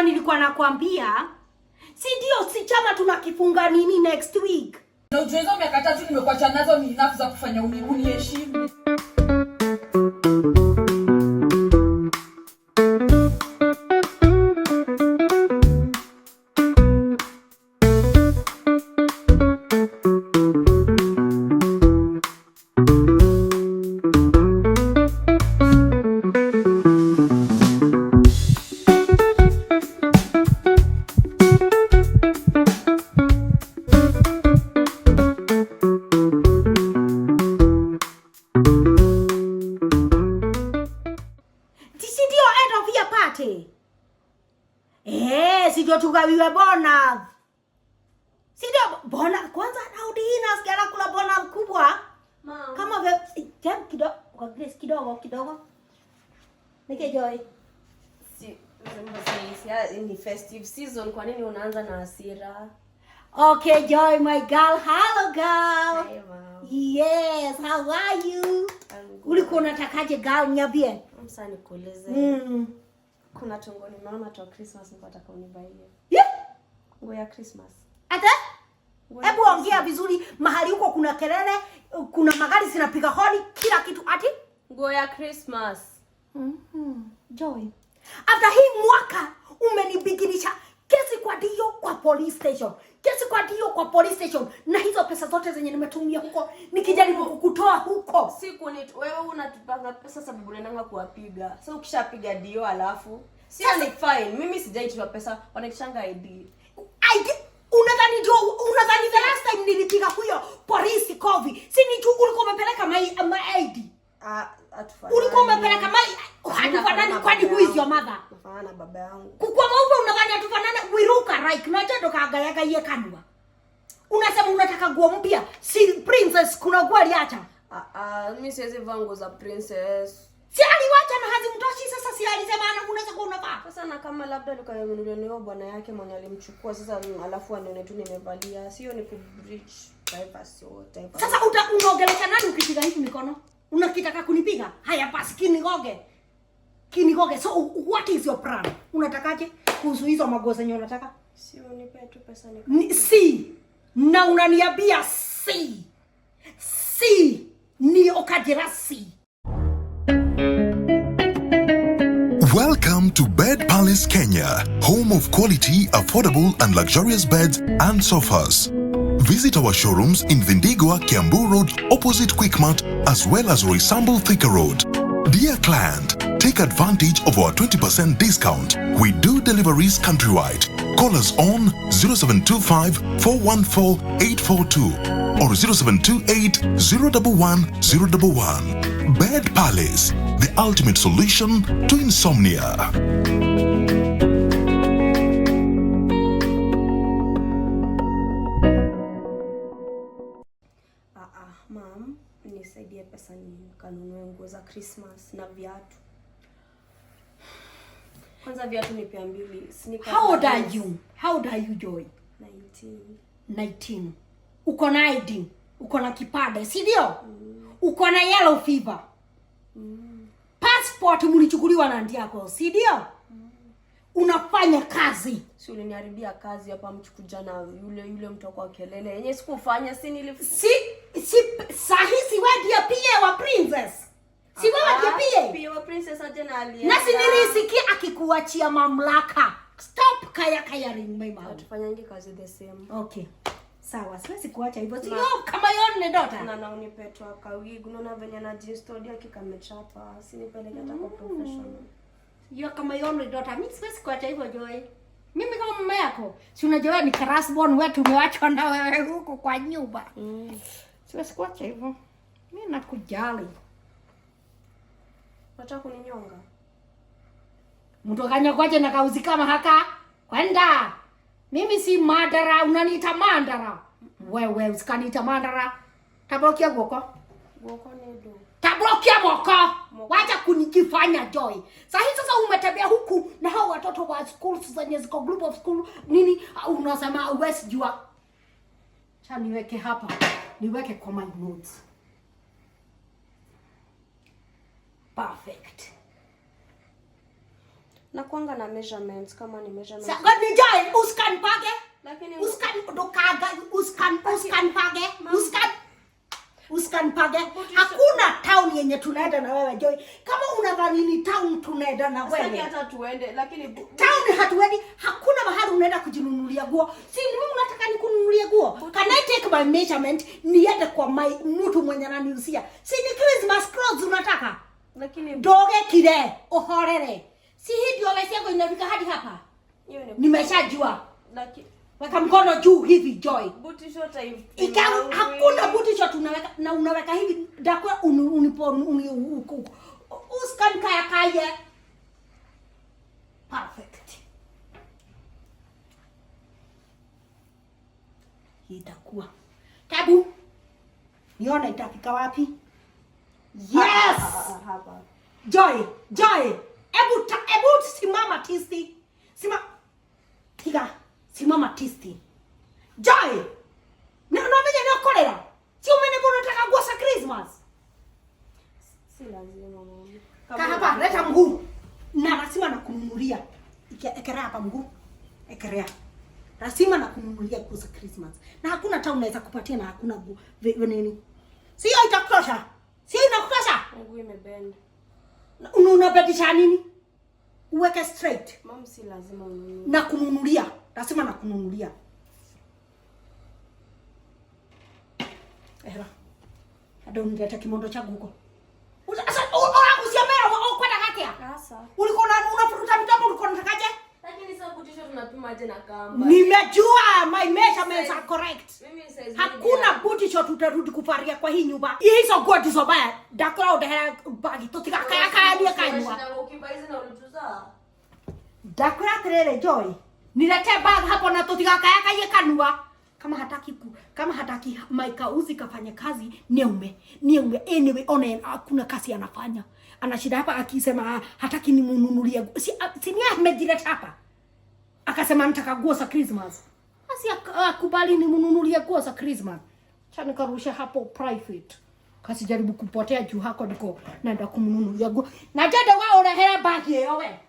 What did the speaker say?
ndio nilikuwa nakwambia, si ndio? Si chama tunakifunga nini next week? Na ujuweza miaka tatu nimekuacha nazo ni nafu za kufanya uniheshimu mkate eh, sidio tugawiwe bonus, sidio bona kwanza. Daudi hii nasikia anakula bona mkubwa Mom. kama ve tem kido, kwa Grace kidogo kidogo nike joy si ni festive season. Kwa nini unaanza na hasira? Okay, Joy, my girl. Hello, girl. Hi, mom. Yes, how are you? Ulikuwa unatakaje girl, niambie. Msa nikueleze. Mm kuna tongoni mama twa Christmas niko atakauniba hiyo. Yeah. Nguo ya Christmas. Ata? Hebu ongea vizuri mahali huko kuna kelele, kuna magari zinapiga honi, kila kitu ati nguo ya Christmas. Mhm. Mm Joy. After hii mwaka umenibiginisha kesi kwa dio kwa police station, kesi kwa dio kwa police station. Na hizo pesa zote zenye nimetumia huko nikijaribu kukutoa huko, siku ni wewe unatupanga pesa sababu unaenda kuwapiga. Sasa ukishapiga dio, alafu sio ni fine. Mimi sijaitoa pesa, wanachanga ID ID. Unadhani ndio unadhani the last time nilipiga huyo polisi kovi, si ni tu ulikuwa umepeleka my, ma ID, ah, uh, atufanya. ulikuwa umepeleka mai hatufanani, kwani who is your mother kufanana baba yangu. Kukwa mauvu unafanya tufanana wiruka like unajua ndo kaagaya gaye kanwa. Unasema unataka nguo mpya, si princess kuna nguo aliacha. Ah ah, mimi siwezi vaa nguo za princess. Si aliwacha na hazi mtoshi sasa, si alisema ana unaweza kuwa unavaa. Sasa na kama labda nikayonunulia niyo bwana yake mwenye alimchukua sasa, alafu anione tu nimevalia, sio ni kubridge privacy type. Sasa uta unaongelesha nani ukipiga hivi mikono? Unakitaka kunipiga? Haya basi kinigoge. Kinikoke, so what is your plan? Unatakaje kuhusu hizo maguo zenye unataka? Si unipe tu pesa nikupe. Si. Na unaniambia si. Si ni okajira si. Welcome to Bed Palace Kenya, home of quality, affordable and luxurious beds and sofas. Visit our showrooms in Vindigua, Kiambu Road, opposite Quickmart, as well as Roysambu Thika Road. Dear client, Take advantage of our 20% discount. We do deliveries countrywide. Call us on 0725 414 842 or 0728 011 011. Bed Palace, the ultimate solution to insomnia. Ah, ah, nisaidie pesa nikanunue nguo za Christmas na viatu. Kwanza viatu ni pia mbili. Sneakers. How old are you? How old are you Joy? 19. 19. Uko na ID, uko na kipande, si ndio? Mm. Uko na yellow fever. Mm. Passport mlichukuliwa na ndio yako, si ndio? Mm. Unafanya kazi. Si uliniharibia kazi hapa mchukuja na yule yule mtu kwa kelele. Yenye sikufanya si nilifanya. Si si sahihi wewe ndiye pia wa princess si wewe ah, Siwewe na sinirisikia akikuachia mamlaka. Stop kaya kaya ring my mouth kazi the same. Okay. Sawa, siwezi kuacha hivyo. yo kama yoni ni dota. Na na unipetwa kawi, unaona venye na jistodia kikamechapa. Sinipeleke hata kwa mm. professional. Yo kama yoni ni dota. Mimi siwezi kuacha hivyo Joy. Mimi kama mama yako, si unajua ni karasbon wetu umewachwa na wewe huko kwa nyumba. Mm. Siwezi kuacha hivyo. Mimi nakujali. Unataka kuninyonga? Mtu akanyakwaje na kauzi kama haka? Kwenda. Mimi si madara, unaniita mandara. Wewe usikaniita mandara. Tablokia goko. Goko ni ndo. Tablokia moko. Wacha kunikifanya joy. Sasa hizo sasa umetembea huku na hao watoto wa school zenye ziko group of school nini ah, unasema wewe sijua. Cha niweke hapa. Niweke kwa my notes. perfect. Na kwanga na measurements kama ni measurements. Sasa nijae uskanipage. Lakini uskanipage, uskan uskanipage, uskan uskan uskanipage. Hakuna town yenye tunaenda na wewe Joy. Kama unadhani ni town tunaenda na wewe. Sasa hata tuende lakini town hatuendi. Hakuna mahali unaenda kujinunulia nguo. Si mimi unataka nikununulie nguo. Can I take my measurement niende kwa my mtu mwenye ananiuzia? Si ni Christmas clothes unataka? Lakini ndogekire uhorere. Si hivyo wewe sio inafika hadi hapa. Nimeshajua. Lakini weka mkono juu hivi Joy. Buti shot ikawa hakuna buti shot unaweka na unaweka hivi dakwe unipo uni, uskan kaya kaya. Perfect. Itakuwa. Tabu. Niona itafika wapi? Yes! Joy, Joy. Ebu ta, ebu simama tisti. Sima Tiga, simama tisti. Joy. Na unamenya ni okolera. Si umene bora nataka guasa Christmas. Si lazima mama. Ka hapa leta mguu. Na lazima nakununulia. Ekerea hapa mguu. Ekerea. na nakununulia guasa Christmas. Na hakuna hata unaweza kupatia na hakuna nini. Siyo itakosha. Si inakukosha? Mguu Una Unabadisha nini? Uweke straight. Mom, si lazima ununue. Na kununulia. Nasema na kununulia. Era. Hata unileta kimondo changu huko. Sasa, ora kusiamea kwenda kati ya. Sasa. Ulikuwa unafuruta mtambo ulikuwa unatakaje? Nimejua my measurements are correct. Hakuna booty shot utarudi kuvaria kwa hii nyumba. Hizo nguo ndizo mbaya. Ndakora ndehera bagi tutigakaya kaya kanyua. Ndakora terere joy. Nilete bag hapo na tutigakaya kaya kanua. Kama hataki ku, kama hataki Maika uzi kafanye kazi niume niume anyway onen hakuna kazi anafanya. Anashinda hapa akisema ah, hataki nimununulie. Si, ah, si ni amejileta hapa akasema nataka nguo za Christmas, basi akubali nimnunulie nguo za Christmas. Cha nikarusha hapo private, kasijaribu kupotea juu hako niko naenda kumnunulia nguo na jada wao unahera bagi yeyo we